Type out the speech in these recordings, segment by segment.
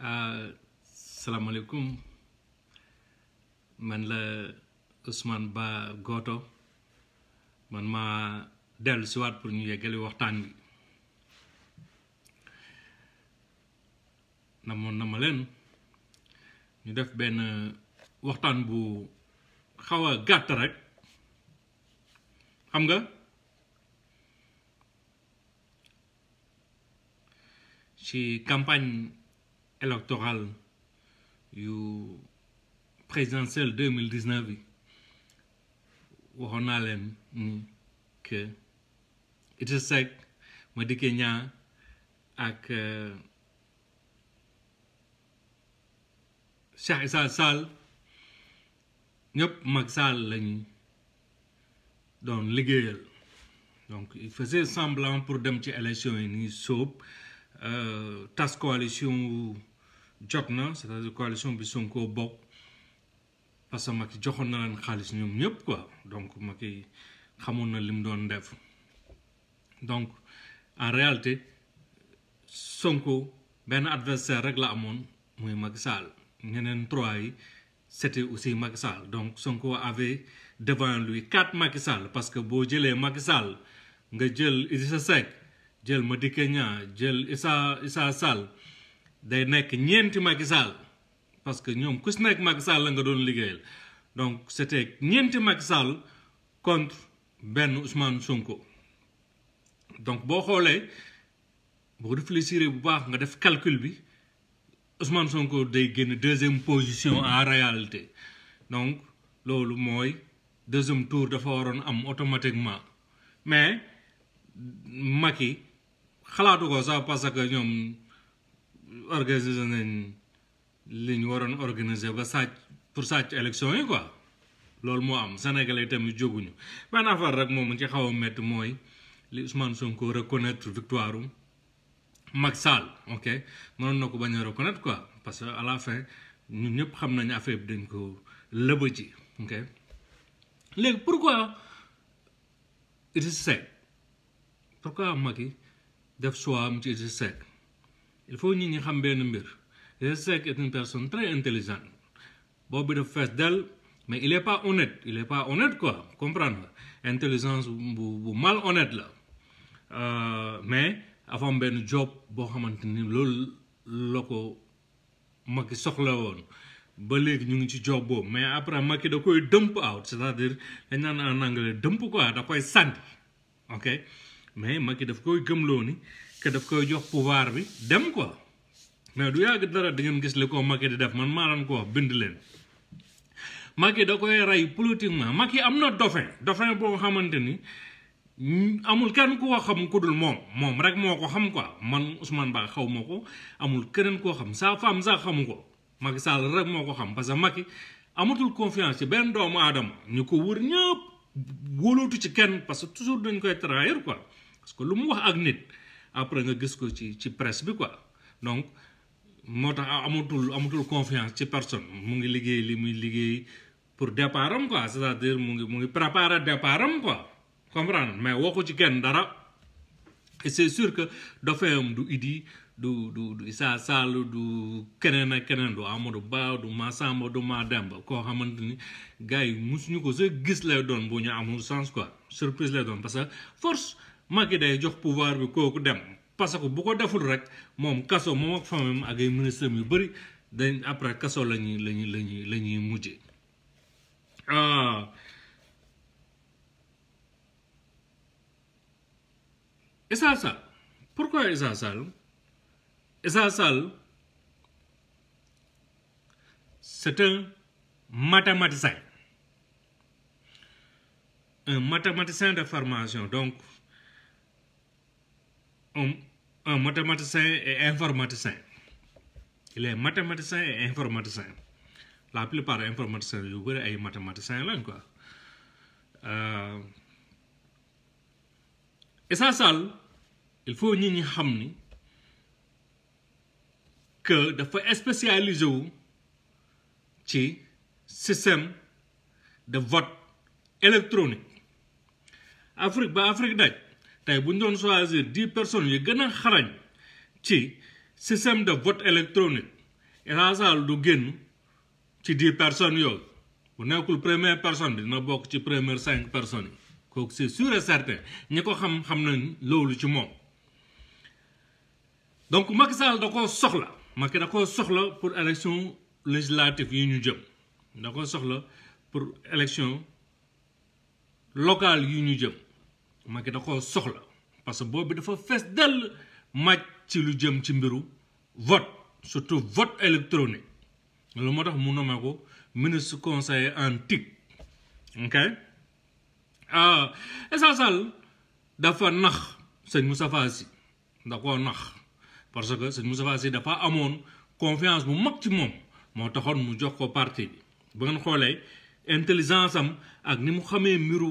Assalamualaikum. man la Ousmane Ba Goto man ma del suat pour ñu yeggali waxtaan bi namoon na ma ñu def ben eh, waxtaan bu xawa gatt rek xam nga ci campagne électorale yu présidentielle 2019 où on a que, ni que Idrissa mais Madické Niang ak que euh, Issa sal, ñëpp Macky Sall lañu doon donc il faisait semblant pour dem ci élection yi nii sóob euh, tas coalition jot na cest à coalition bi sunkoo bokk parce que Macky joxoon na leen xaalis ñoom ñëpp quoi donc Macky xamoon na li mu doon def donc en réalté Sonko benn adversaire rek la amoon muy mag Sall ñeneen trois yi c'était aussi mag Sall donc Sonko avait devant lui quatre Macky Sall parce que boo jëlee Macky Sall nga jël Idrissa Seck jël Madické Niang jël Issa Issa Sall day nekk ñeenti Macky Sall parce que ñoom ku si nekk Macky Sall la nga doon liggéeyal donc c'était ñeenti mag Sall contre benn Ousmane Sonko donc boo xoolee boo réfléchir bu baax nga def calcul bi Ousmane Sonko day génn deuxième position en réalité donc loolu mooy deuxième tour dafa waroon am automatiquement mais mag yi xalaatu ko sax parce que ñoom. organiser nañ li ñu waroon organiser ba sàcc pour sàcc élection yi quoi loolu moo am sénégalais tamit jóguñu benn affaire rek moom ci xaw a métti mooy li Ousmane Sonko reconnaître victoire u Macky Sall ok mënoon na ko bañ a reconnaître parce que à la fin ñun ñëpp xam nañu affaire bi dañ ko lëba ji ok léegi pourquoi Idrissa Seck pourquoi Macky def choix am ci Idrissa Seck il faut nit ñi xam benn mbir Idrissa Seck est une personne très intelligente boobu dafa fees dell mais il est pas honnête il est pas honnête quoi comprendre intelligence bu bu mal honnête la euh, mais avant benn job boo xamante ni loolu la ko Macky soxla woon ba léegi ñu ngi ci job boobu mais après Macky da koy dump out c'est-à-dire dañ naan en anglais dump quoi da koy sànni ok mais Macky daf koy gëmloo ni kedap daf koy jox pouvoir bi dem ko mais du yàgg dara da ngeen gis le ko maké di def man maa leen ko bind len maké da koy ray politiquement maké amna na dauphin dauphin boo xamante amul kenn ko xam ku dul mom moom rek moko xam quoi man Ousmane Ba xaw ma amul keneen ko xam sa fam sa xam ko maké sal rek moko xam parce que maké amatul confiance ben benn doomu aadama ñu ko wër ñëpp wóolootu ci kenn parce que toujours dañ koy trahir quoi parce que lu mu wax ak nit après nga gis ko ci ci presse bi quoi donc motax tax amatul amatul confiance ci personne mu ngi liggéey li muy liggéey pour départam quoi c'est à dire mu ngi mu ngi préparer départam quoi comprendre mais waxu ci kenn dara et c'est sûr que dafa am du idi du du du isa Sall du kenen ak do du Amadou Ba du Massamba du Mademba koo xamante ni gars musuñu ko se gis lay don bo ñu amul sens quoi surprise lay don parce que force Macky day jox pouvoir bi koku dem parce que bu ko deful rek mom kasso mom ak famille ak ay ministre yu bari dañ après kasso la ñuy la ñuy la ah. la ñuy ah. pourquoi Issa sal? Issa sal, c'est un mathématicien un mathématicien de formation donc un, un mathématicien et informaticien il est mathématicien et informaticien la plupart informaticiens yu bëri ay mathématiciens lañ ko Issa Sall il faut ñi ñi xam ni que dafa spécialisé wu ci système de vote électronique Afrique ba Afrique daj tay buñ doon choisir 10 personnes yu gën a xarañ ci système de vote électronique étatsal du génn ci 10 personnes yooyu bu nekkul première personne dina bokk ci première 5 personnes yi kooku sûr et certain ñi ko xam xam nañ loolu ci moom donc Macky Sall da koo soxla Macky da soxla pour élection législative yi ñu jëm da koo soxla pour élection locale yi ñu jëm Macky da ko soxla parce que bobu dafa fees dell màcc ci lu jëm ci mbiru vote surtout vote électronique loolu motax mu nomé ko ministre conseiller en TIC ok ah Issa Sall dafa nax sëñ Moustapha si da koo nax parce que sëñ Moustapha Sy dafa amone confiance bu mag ci moom moo taxoon mu jox ko parti bi ba ngeen intelligence am ak ni mu mbiru.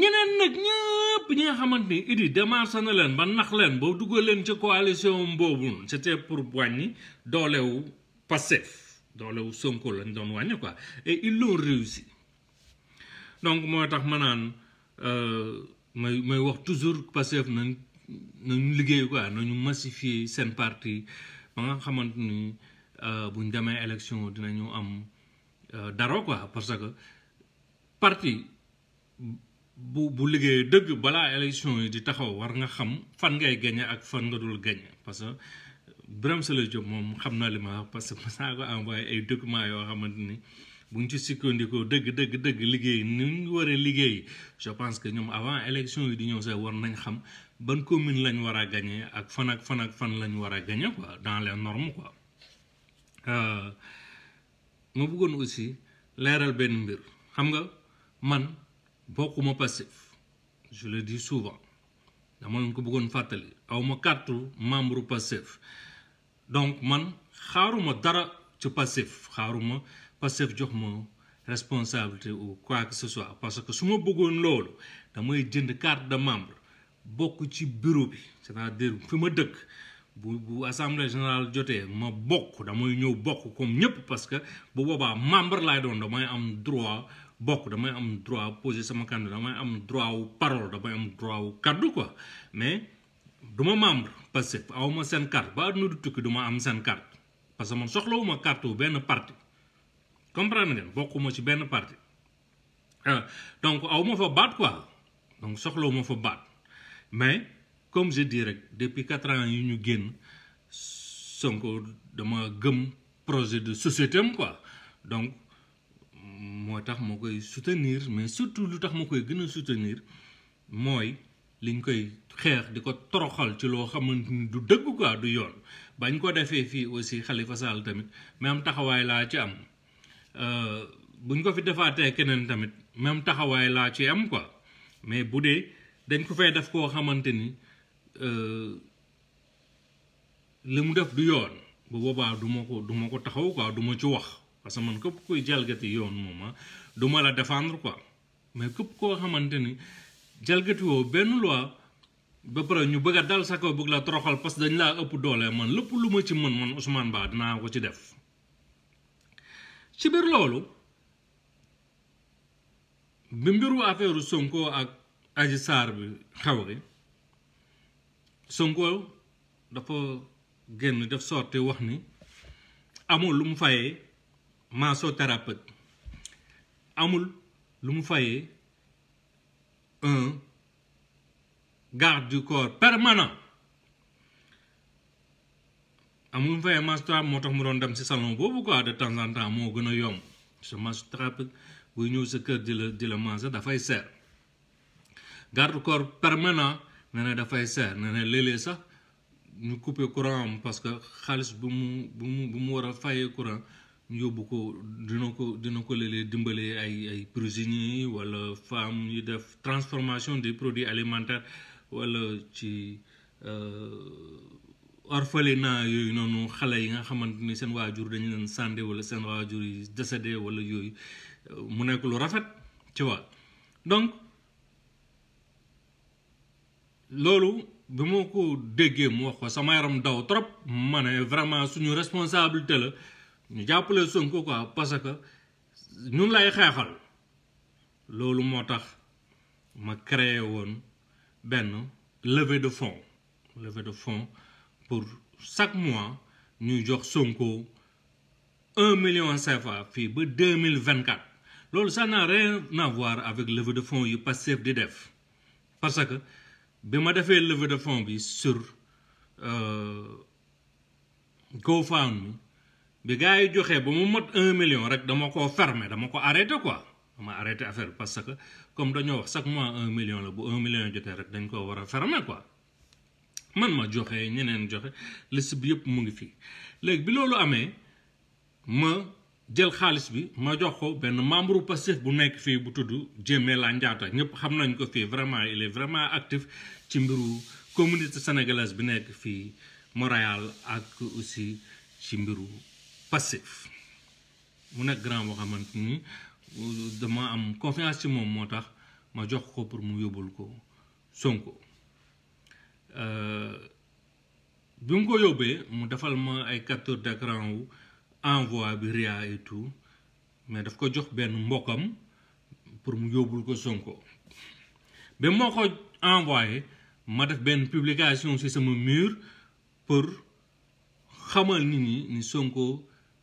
ñeneen nag ñëpp ñi nga xamante ni Idi démarché na leen ba nax leen ba duggal leen ci coalition boobu c'était pour wàññi doolewu Pastef doolewu Sonko lañ doon wàññi quoi et ils l'ont réussi donc moo tax ma naan euh, may may wax toujours Pastef nañ nañu liggéey quoi nañu massifier seen partie ba nga xamante ni euh, buñ demee élection dinañu am euh, dara quoi parce que parti bu bu liggéey dëgg balaa élection yi di taxaw war nga xam fan ngay gañe ak fan nga dul gañe parce que Birame Souleye Diop moom xam naa li ma wax parce que ma saa ko envoyé ay documents yoo xamante ni bu ñu ci sukkandikoo dëgg dëgg dëgg liggéey ni ñu waree liggéey je pense que ñoom avant élection yi di ñëw sax war nañ xam ban commune lañ war a gañe ak fan ak fan ak fan lañ war a gañe quoi dans les normes quoi euh, ma bëggoon aussi leeral benn mbir xam nga man. de passif, je le dis souvent Je leen ko Je suis un membre passif. donc man xaaruma dara ci passif passif, passif jox responsabilité ou quoi que ce soit parce que su ma bëggoon loolu damay jënd carte de membre bokk ci bureau c'est-à-dire fi ma dëkk bu assemblée générale jotee ma je comme parce que suis un membre je suis un droit bok da may am droit poser sama candidat da may am droit wu parole may am droit wu kaddu quoi mais duma membre parce que awma sen carte ba àdduna du tukki duma am sen carte parce que man wuma carte ben parti comprendre ngeen kan, bokkuma ci ben parti eh, donc awma fa bat quoi donc wuma fa bat mais comme je dis rek depuis 4 ans yu ñu guen Sonko dama gëm projet de société quoi donc moo tax moo koy soutenir mais surtout lu tax moo koy gën a soutenir mooy liñ koy xeex di ko toroxal ci loo xamante ni du dëgg quoi du yoon bañ ko defee fii aussi xalifa Sall tamit même taxawaay laa ci am euh, buñ ko fi defaatee keneen tamit même taxawaay laa ci am quoi mais bu dee dañ ko fay def koo xamante ni euh, li mu def du yoon bu boobaa du ma ko du ko taxaw quoi du ma ci wax parce que man képp kuy jalgati yoon mooma du ma défendre quoi mais képp koo xamante jalgati woo benn loi ba pare ñu bëgg a dal sa kaw bëgg la toroxal parce que dañ laa ëpp doole man lépp lu ma ci man Ousmane Ba dinaa ko ci def ci biir loolu bi mbiru affaire Sonko ak Adji sar bi xawri Sonko dafa genn def sorti wax ni amul lu mu massothérapeute amul lu mu fayee un garde du corps permanent amul lu mu fayee massothérapeute moo tax mu doon dem ci salon boobu quoi de temps en moo gën a yomb sa massothérapeute buy ñëw sa kër di la di la massé dafay seer garde du corps permanent nee na dafay seer nee na léeg sax ñu couper courant am parce que xaalis bu mu bu mu bu mu war a fayee courant yóbbu ko dina ko dina ko léeg-léeg dimbale ay ay prisonniers wala femme yu def transformation des produits alimentaires wala ci euh, orphelinat yooyu noonu xale yi nga xamante ni seen waajur dañu leen sànde wala seen waajur yi décédé wala yooyu euh, mu nekk lu rafet ci waa donc loolu bi ma ko déggee mu wax ko sama yaram daw trop ma ne vraiment suñu responsabilité la ñu jàppale Sonko quoi parce que ñun lay xéxal lolu motax ma créé woon ben levée de fonds levée de fonds pour chaque mois ñu jox Sonko un million CFA fi ba 2024 lolu ça n'a rien à voir avec levée de fonds yu Pastef di def parce que bima défé levée de fonds bi sur euh, GoFundMe bi gars yi joxee ba mu mot un million rek dama ko fermer dama ko arrêté quoi dama arrêté affaire parce que comme dañoo wax chaque mois un million la bu un million jotee rek dañ koo war a fermer quoi man ma joxe ñeneen joxe liste bi yëpp mu ngi fii léegi bi loolu amee ma jël xaalis bi ma jox ko benn membre Pastef bu nekk fii bu tudd laa Ndiatta ñëpp xam nañ ko fii vraiment il est vraiment actif ci mbiru communauté sénégalaise bi nekk fii Montréal ak aussi ci mbiru Pastef mu nekk grand boo xamante ni dama am confiance ci moom moo tax ma jox ko pour mu yóbbul ko Sonko euh, bi ko yóbbee mu defal ma ay capture d'écran wu envoi bi ria mais daf ko jox benn mbokkam pour mu yóbbul ko Sonko ba moo ko envoyé ma def benn publication ci sama mur pour xamal nit ñi Sonko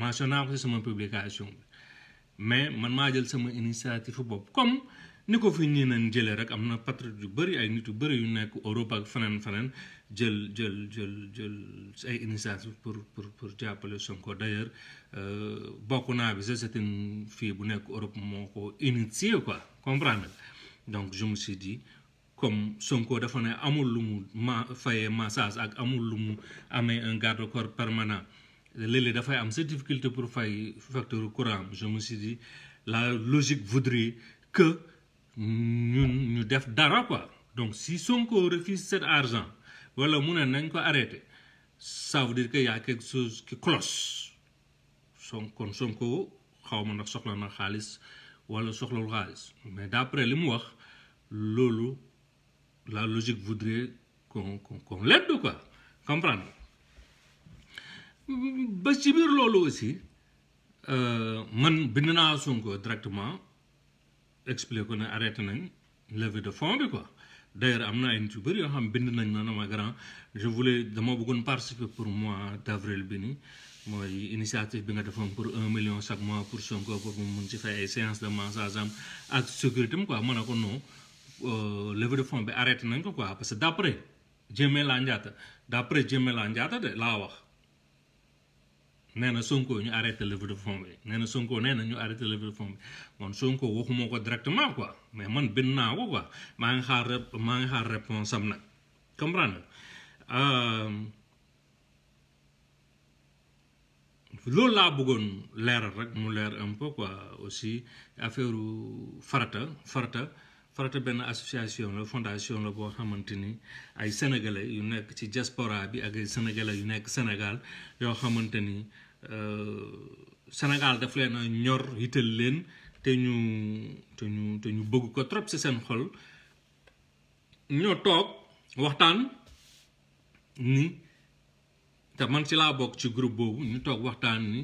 mentionné naa ko si sama publication bi mais man maa jël sama initiative bopp comme ni ko fi nii nañ jëlee rek am na patriote yu bëri ay nit yu bëri yu nekk Europe ak feneen feneen jël jël jël jël ay initiative pour pour pour jàppale Sonko d'ailleurs euh, bokk naa bi c'est une fille bu nekk Europe moo ko initié quoi comprendre donc je me suis comme Sonko dafa ne amul lu mu ma fayee massage ak amul lu mu amee un garde permanent léeg-léeg dafay am cette difficulté pour fay facture courant je me suis dit la logique voudrait que nous ñu def dara quoi donc si son Sonko refuse cet argent wala mu ne nañ ko ça veut dire qu'il y a quelque chose qui cloche son kon Sonko xaw ma ndax soxla na xaalis wala soxlawul xaalis mais d'après li mu wax loolu la logique voudrait qu'on qu'on l'aide quoi comprendre ba ci biir loolu aussi euh, man bind naa Sonko directement expliqué ko ne arrêté nañ levée de fonds bi quoi d'ailleurs am na ay nit yu bëri yoo xam bind nañ ma ne ma grand je dama bëggoon participer pour mois d'avril bi nii mooy initiative bi nga defoon pour un million chaque mois pour Sonko pour mu mun ci fay ay séance de massage am ak sécurité am quoi ma ne ko euh, de fonds bi arrêté nañ ko ko parce que d'après Diémé Ndiatta d'après Diémé de laa wax. nee na Sonko ñu arrêté levée de fonds bi nee na Sonko nee na ñu arrêté levée de bi man Sonko waxuma ko directement ko mais man bind naa ko quoi maa ngi xaar maa ngi xaar réponse am nag comprendre euh, loolu laa bëggoon leeral rek mu leer un peu quoi aussi affaire farata farata. Farata benn association la fondation la boo xamante ni ay sénégalais yu nekk ci diaspora bi ak ay sénégalais yu nekk Sénégal yoo xamante ni euh, Sénégal daf leen a ñor yital leen te ñu te ñu te ñu bëgg ko trop ci seen xol ñoo toog waxtaan ni te man ci laa bokk ci groupe boobu ñu toog waxtaan ni.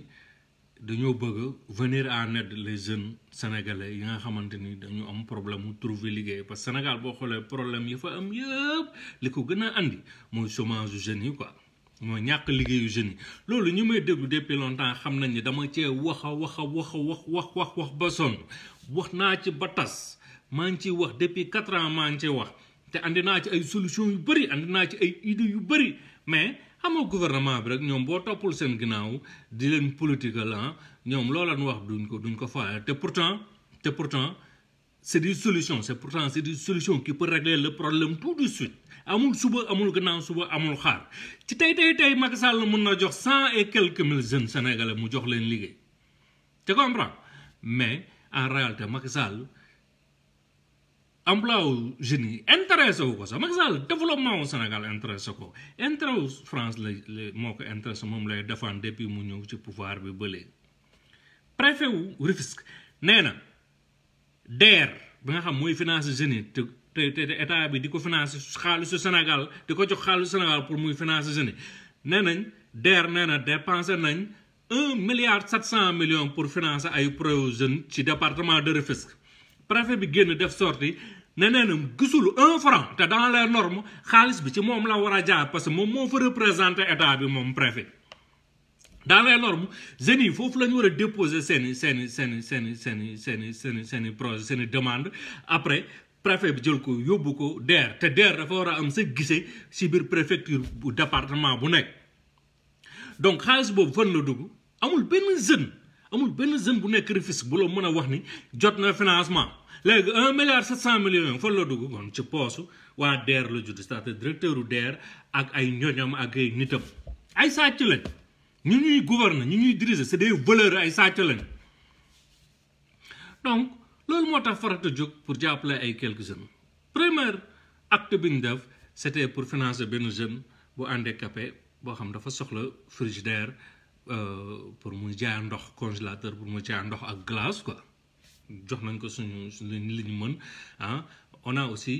dañoo bëgg venir en aide les jeunes sénégalais yi nga xamante ni dañu am problème mu trouver liggéey parce que Sénégal boo xoolee problème yi fa am yëpp li ko gën a andi mooy chômage yu jeunes yi quoi mooy ñàkk liggéeyu jeunes yi. loolu ñu may déglu depuis longtemps xam nañ ni dama cee wax a wax a wax a wax wax wax wax ba sonn wax naa ci ba tas maa ngi ciy wax depuis quatre ans maa ngi ciy wax te andi naa ci ay solution yu bëri andi naa ci ay idées yu bëri mais. xamal gouvernement bi rek ñoom boo toppul seen ginnaaw di leen politique la ah, ñoom loola wax duñ ko duñ ko faale te pourtant te pourtant c'est des solutions c'est pourtant c'est une solution qui peut régler le problème tout de suite amul suba amul gannaaw suba amul xaar ci tey tey tey Macky Sall mën na jox cent et quelques mille jeunes sénégalais mu jox leen liggéey te comprends mais en réalité Macky Sall emploi wu jeunes yi intéressé wu ko sax Macky Sall développement wu Sénégal intéressé ko intérêt wu France la moo ko intéressé moom lay défendre depuis mu ñëw ci pouvoir bi ba léegi wu Rufisque nee na DER bi nga xam mooy finance jeunes yi te te te état bi di ko financé xaalisu Sénégal di ko jox xaalisu Sénégal pour muy financé jeunes yi nee nañ DER nee na dépensé nañ un milliard sept cent millions pour financer ay projets jeunes ci département de Rufisque préfet bi génn def sorti ne nee na gisul un franc te dans les normes xaalis bi ci moom la war a jaar parce que moom moo fa représenté état bi moom préfet dans les normes jeunes yi foofu la war a déposé seeni seeni seeni seeni seeni seeni seeni seeni projet seeni demande après préfet bi jël ko yóbbu ko DER te DER dafa war a am sa gise ci biir préfecture bu département bu nekk donc xaalis boobu fan la dugg amul benn jeune amul benn jeune bu nekk Rufisque bu la mën a wax ni jot na financement léegi un milliard sept cent millions fan la dugg kon ci poosu waa DER la judd cest directeur u DER ak ay ñoñam ak ay nitam ay sàcc lañ ñu ñuy gouverne ñu ñuy diriger c'est des voleurs ay sàcc lañ donc loolu moo tax farata jóg pour jàppale ay quelques jeunes premier acte bi ñu def c'était pour financer benn jeune bu handicapé boo xam dafa soxla frigidaire euh, pour muy jaay ndox congélateur pour mu jaay ndox ak glace quoi jox nañ ko suñu lu ñu mën a ah. on a aussi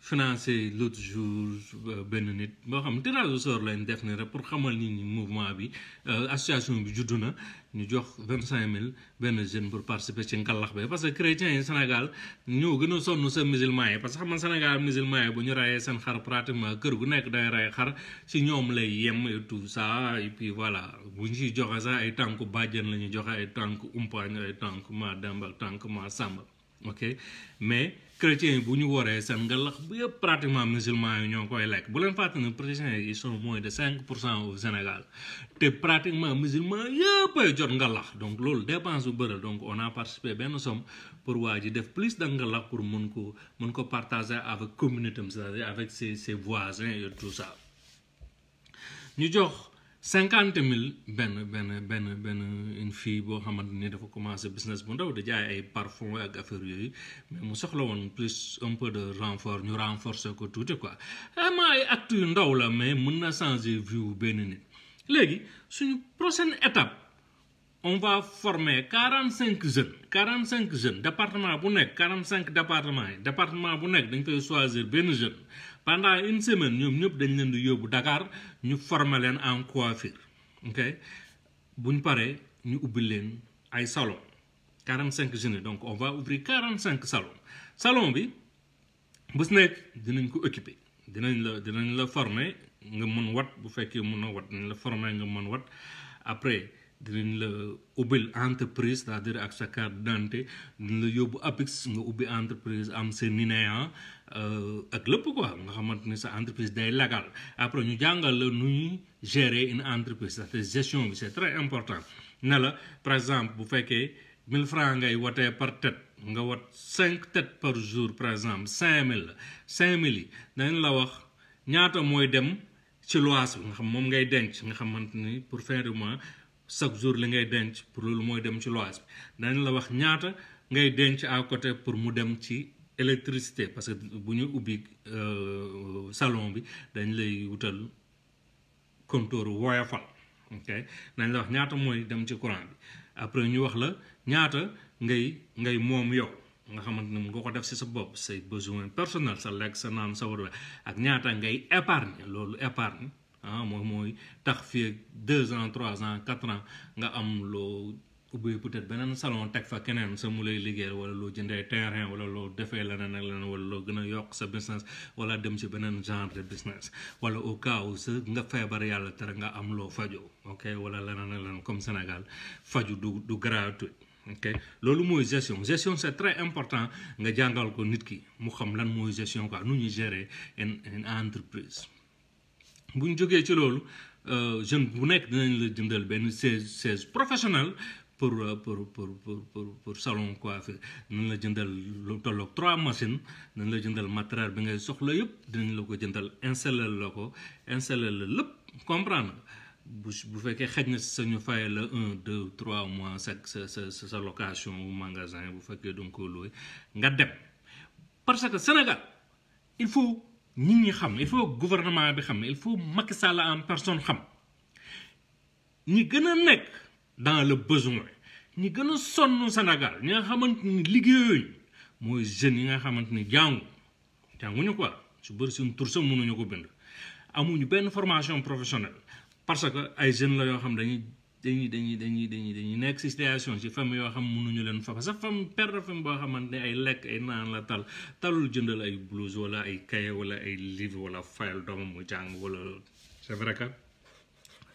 financé l'autre jour euh, benn nit boo xam tirage au sort lañ def ne rek pour xamal nit ñi mouvement bi euh, association bi juddu na ñu jox vingt cinq mille benn jeune pour participer ci ngalax bi parce que chrétiens yi Sénégal ñoo gën a sonn sa musulman yi parce que xam nga Sénégal musulman yi bu ñu rayee seen xar pratiquement kër gu nekk day ray xar ci ñoom lay yem et tout ça et puis voilà bu ñu ciy joxe sax ay tànku bàjjen la ñu joxe ay tànku umpaañ ay tànku ma demb ak tànku ma sàmb chrétiens yi bu ñu waree seen ngalax bu yëpp pratiquement musulmans yi ñoo koy lekk bu leen fàtte ne chrétiens yi ils sont de cinq pour cent au Sénégal te pratiquement musulmans yëpp ay jot ngalax donc loolu dépense bu bëri donc on a participé benn somme pour waa ji def plus de ngalax pour mun ko mun ko partager avec communauté c'est-à-dire avec ses ses voisins et tout ça ñu jox. cinquante mille benn benn benn benn une fille boo xamante ni dafa commencé business bu ndaw di jaay ay parfum ak affaire yooyu mais mu soxla woon plus un peu de renfort ñu renforcer ko tuuti quoi vraiment ay actes yu ndaw la mais mën na changer vue benn nit léegi suñu prochaine étape on va former quarante cinq jeunes quarante cinq jeunes département bu nekk quarante cinq département yi département bu nekk dañ koy choisir benn jeune pendant une semaine nous ñep dañ leen di Dakar former en coiffure ok ñu salon 45 jeunes donc on va ouvrir 45 salons salon bi bu dinañ ko occuper dinañ former nga wat former après dinañ entreprise c'est-à-dire nga Euh, ak lépp quoi nga xamante ni sa entreprise day légal après ñu jàngal la nuy gérer une entreprise c'est gestion bi c'est très important ne la par exemple bu fekkee mille francs ngay watee par tête nga wat cinq têtes par jour par exemple 5000 la 5000 yi dañ la wax ñaata mooy dem ci loise bi nga xam moom ngay denc nga xamante ni pour fin mois chaque jour li ngay denc pour loolu mooy dem ci loise la wax ñaata ngay denc à côté pour mu dem ci électricité parce que bu ñu ubbi euh, salon bi dañ lay wutal compteur woyofal ok nañ la wax ñaata mooy dem ci courant bi après ñu wax la ñaata ngay ngay moom yow nga xamante ne nga ko def si sa bopp say besoin personnel sa lekk sa naan sa war ak ñaata ngay épargne loolu épargne ah moom mooy tax fii ak deux ans trois ans quatre ans nga am loo ubbi peut-être beneen salon teg fa keneen sa mu wala loo jëndee terrain wala loo defee leneen ak leneen wala loo gën a sa business wala dem ci beneen genre de business wala au cas où sa nga feebar yàlla tere nga am loo fajo ok wala leneen ak leneen comme Sénégal faju du du gratuit ok loolu mooy gestion c'est très important nga jàngal ko nit ki mu xam lan gestion quoi nu ñuy gérer une entreprise buñ jógee ci loolu euh, jeune bu professionnel Euh, pour pour pour pour pour salon coiffure nañ la jëndal lu tolloog trois machines nañ la jëndal matériel bi ngay soxla yëpp dinañ la ko jëndal installer la ko installer la lëpp comprendre bu bu fekkee xaj na sañu fay la un deux trois mois sa sa sa sa location magasin bu fekkee donc ko looy nga dem parce que Sénégal il faut nit ñi xam il faut gouvernement bi xam il faut Macky Sall en personne xam ñi gën a nekk. dans le besoin ñi gën a sonn Sénégal ñi nga xamante liggéey liggéeyooyu mooy jeunes yi nga xamante ni jàngu jànguñu quoi su bëri suñ tur sax mënuñu ko bind amuñu benn formation professionnelle parce que ay jeunes la yoo xam dañuy dañuy dañuy dañuy dañuy dañuy nekk si si famille yoo xam mënuñu leen fa sax fam père de famille boo xamante ne ay lekk ay naan la tal talul jëndal ay blouse wala ay cahier wala ay livre wala fayal doomam mu jàng wala c'est vrai que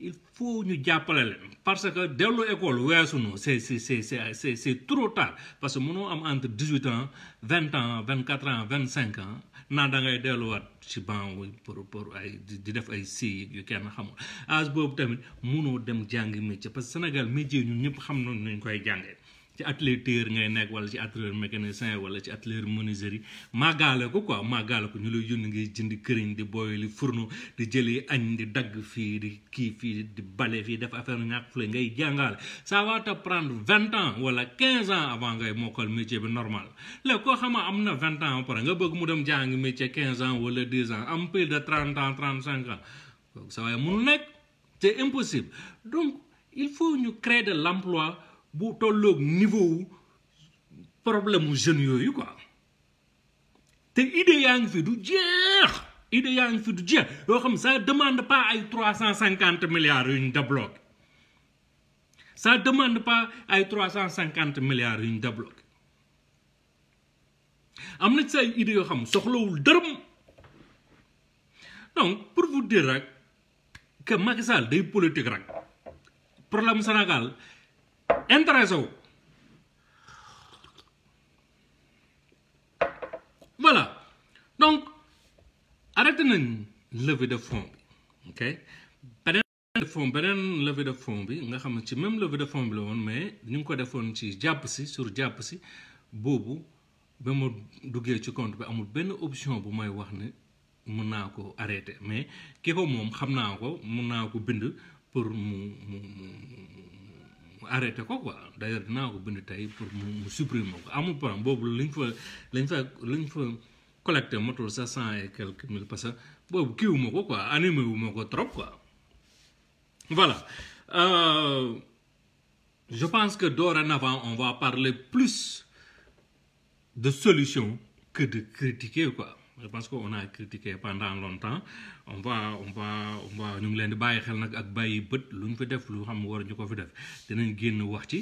il faut ñu jàppale leen parce que dellu école weesu c'est c'est c'est c'est trop tard parce que mënoo am entre dix-huit ans vingt ans vingt quatre ans vingt cinq ans naa da ngay delluwaat ci ban pour pour ay di def ay si yu kenn xamul âge boobu tamit mënoo dem jàngi métier parce que Sénégal métier ñu ñëpp xam nañ ñu koy jàngee ci atelier tailleur ngay nekk wala ci atelier mécanicien wala ci atelier menuiserie màggaale ko quoi màggaale ko ñu lay yónni ngay jënd këriñ di boyali fourneau di jëlee añ di dagg fii di kii fii di bale fii def affaire ñàkk fule ngay jàngaale ça va te prendre vingt ans wala quinze ans avant ngay mokkal métier bi normal léegi koo xam am na vingt ans après nga bëgg mu dem jàngi métier quinze ans wala dix ans am pile de trente ans trente cinq ans waaye mënul nekk bu tolok niveau problème jeune jeunes yu quoi té idée yang fi du jeex idée yang fi du jeex yoo xam ça demande pas ay trois cent cinquante milliards yu ñu ça demande pas ay trois cent cinquante milliards yu ñu débloqué am ci ay idée yo xam soxlawul dërëm donc pour vous dire rek que Macky Sall day politique rek problème Sénégal intéressé wu voilà donc arrêté nañ levée de fond bi ok beneen levée de fonds bi nga xam ne ci même levée de fonds bi la woon mais ñu ngi ko defoon ci jàpp si sur jàpp si boobu ba ma duggee ci compte bi amul benn option bu may wax ne mun naa ko arrêté mais ki ko moom xam naa ko mun naa ko bind pour mu mu mu. arrêté quoi quoi d'ailleurs ailleurs dinaa ko bind tey pour me supprimer à amul problème boobu lañ fa lañ fa lañ fa collecté sa cent et quelques mille parce que boobu kii quoi animé wu trop quoi voilà euh, je pense que dorénavant on va parler plus de solutions que de critiquer quoi je pense qu'on a critiqué pendant longtemps on va on va on va ñu ngi leen di bàyyi xel nak ak bàyyi beut luñ fi def lu xam war ñu ko fi def dinañ wax ci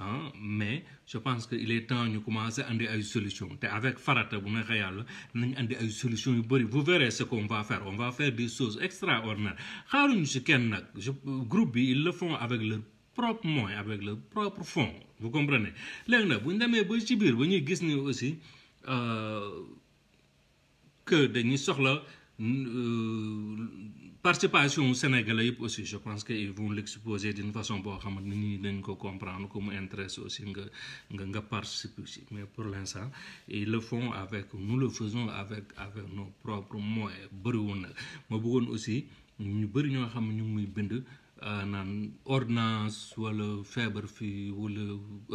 ah, mais je pense que il est temps ñu commencer andi ay solution té avec farata bu neexee yàlla nañ andi ay solution yu bari vous verrez ce qu'on va faire on va faire des choses extraordinaires xaruñ ci kenn nak groupe bi ils le font avec leur propre moyen avec leur propre fond vous comprenez léegi nag buñ ñu demee ba ci bir ba ñuy gis ni aussi euh, que dañuy soxla euh, participation sénégalais yëpp aussi je pense qu'ils ils vont l'exposer d'une façon boo xamante ni dañ ko comprendre comme intérêt intéresse aussi nga nga nga participer mais pour l'instant ils le font avec nous le faisons avec avec nos propres moyens bëriwoon nag ma bëggoon aussi ñu bëri ñoo xam ne ñu muy bind naan ordonnance wala feebar fii wala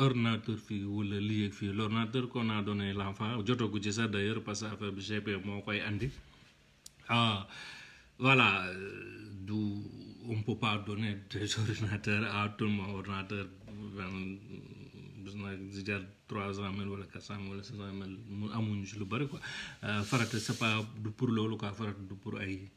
ordinateur fii wala lii ak fii l'ordinateur qu'on a donné l'enfant jotagu ci sax d'ailleurs parce que affaire bi GP moo koy andi ah du on peut pas donner des ordinateurs à tout le monde ordinateur bis na di jar trois cent mille wala quatre cent mille wala cinq cent mille mu amuñu lu bari quoi euh, farata c'est pas du pour loolu quoi farata du pour ay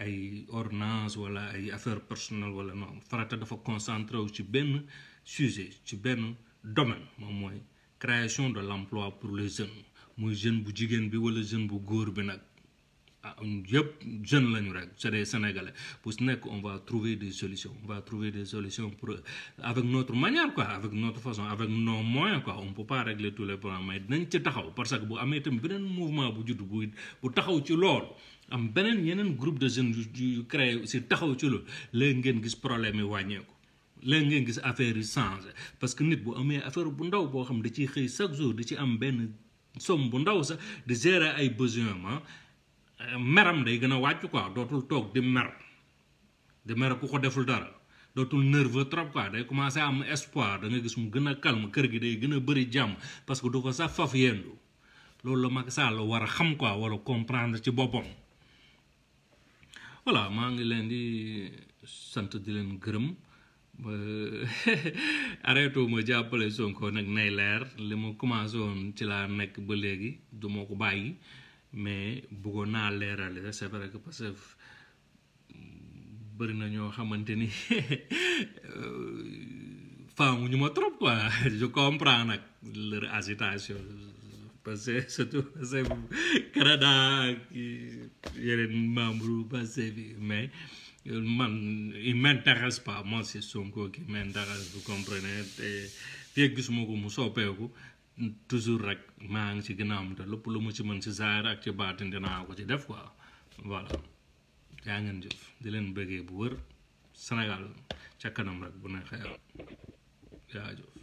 ay ordonnance wala ay affaire personnelle wala non farata dafa concentré wu ci benn sujet ci benn domaine moom mooy création de l'emploi pour les jeunes muy jeune bu jigéen bi wala jeune bu góor bi nag ah yëpp jeunes lañu rek c'est des sénégalais bu si nekk on va trouver des solutions on va trouver des solutions pour avec notre manière quoi avec notre façon avec nos moyens quoi on peut pas régler tous les problèmes mais dinañ ci taxaw parce que bu amee tam beneen mouvement bu judd bu bu taxaw ci loolu am beneen yeneen groupe de jeunes yu créé aussi taxaw ci loolu léegi ngeen gis problème yi wàññeeku léegi ngeen gis affaire yi changé parce que nit bu amee affaire bu ndaw boo xam da ciy xëy chaque jour di ci am benn somme bu ndaw sax di gérer ay besoin ma ah, meram day gën a wàcc quoi dootul toog di mer di ko deful dara dootul nerveux trop quoi day commencé am espoir da gis mu gën a kër gi day gën a bëri jàmm parce que du ko sax faf yendu loolu la Macky Sall war a xam quoi wala comprendre ci boppam voilà maa ngi leen di sant di leen gërëm arrêté wu ma jàppale Sonko nag nay leer li ma commencé woon ci laa nekk ba léegi du ma ko bàyyi mais buggoon naa leerale rek c'est vrai que parce que bëri na ñoo xamante ni faamu ñu ma trop quoi je comprends nag leur agitation. Pastef surtout Pastef Canada yeneen membre Pastef mais euh, man il m'intéresse pas moi c'est Sonko qui m'intéresse vous comprenez te fekk gisuma ko mu soppeeku toujours rek maa ngi ci ginnaawam te lépp lu mu ci mën ci saar ak ci baatin dinaa ko ci def quoi voilà yaa ngeen jëf di leen bëggee bu wër Sénégal ca kanam rek bu neexee yaa jëf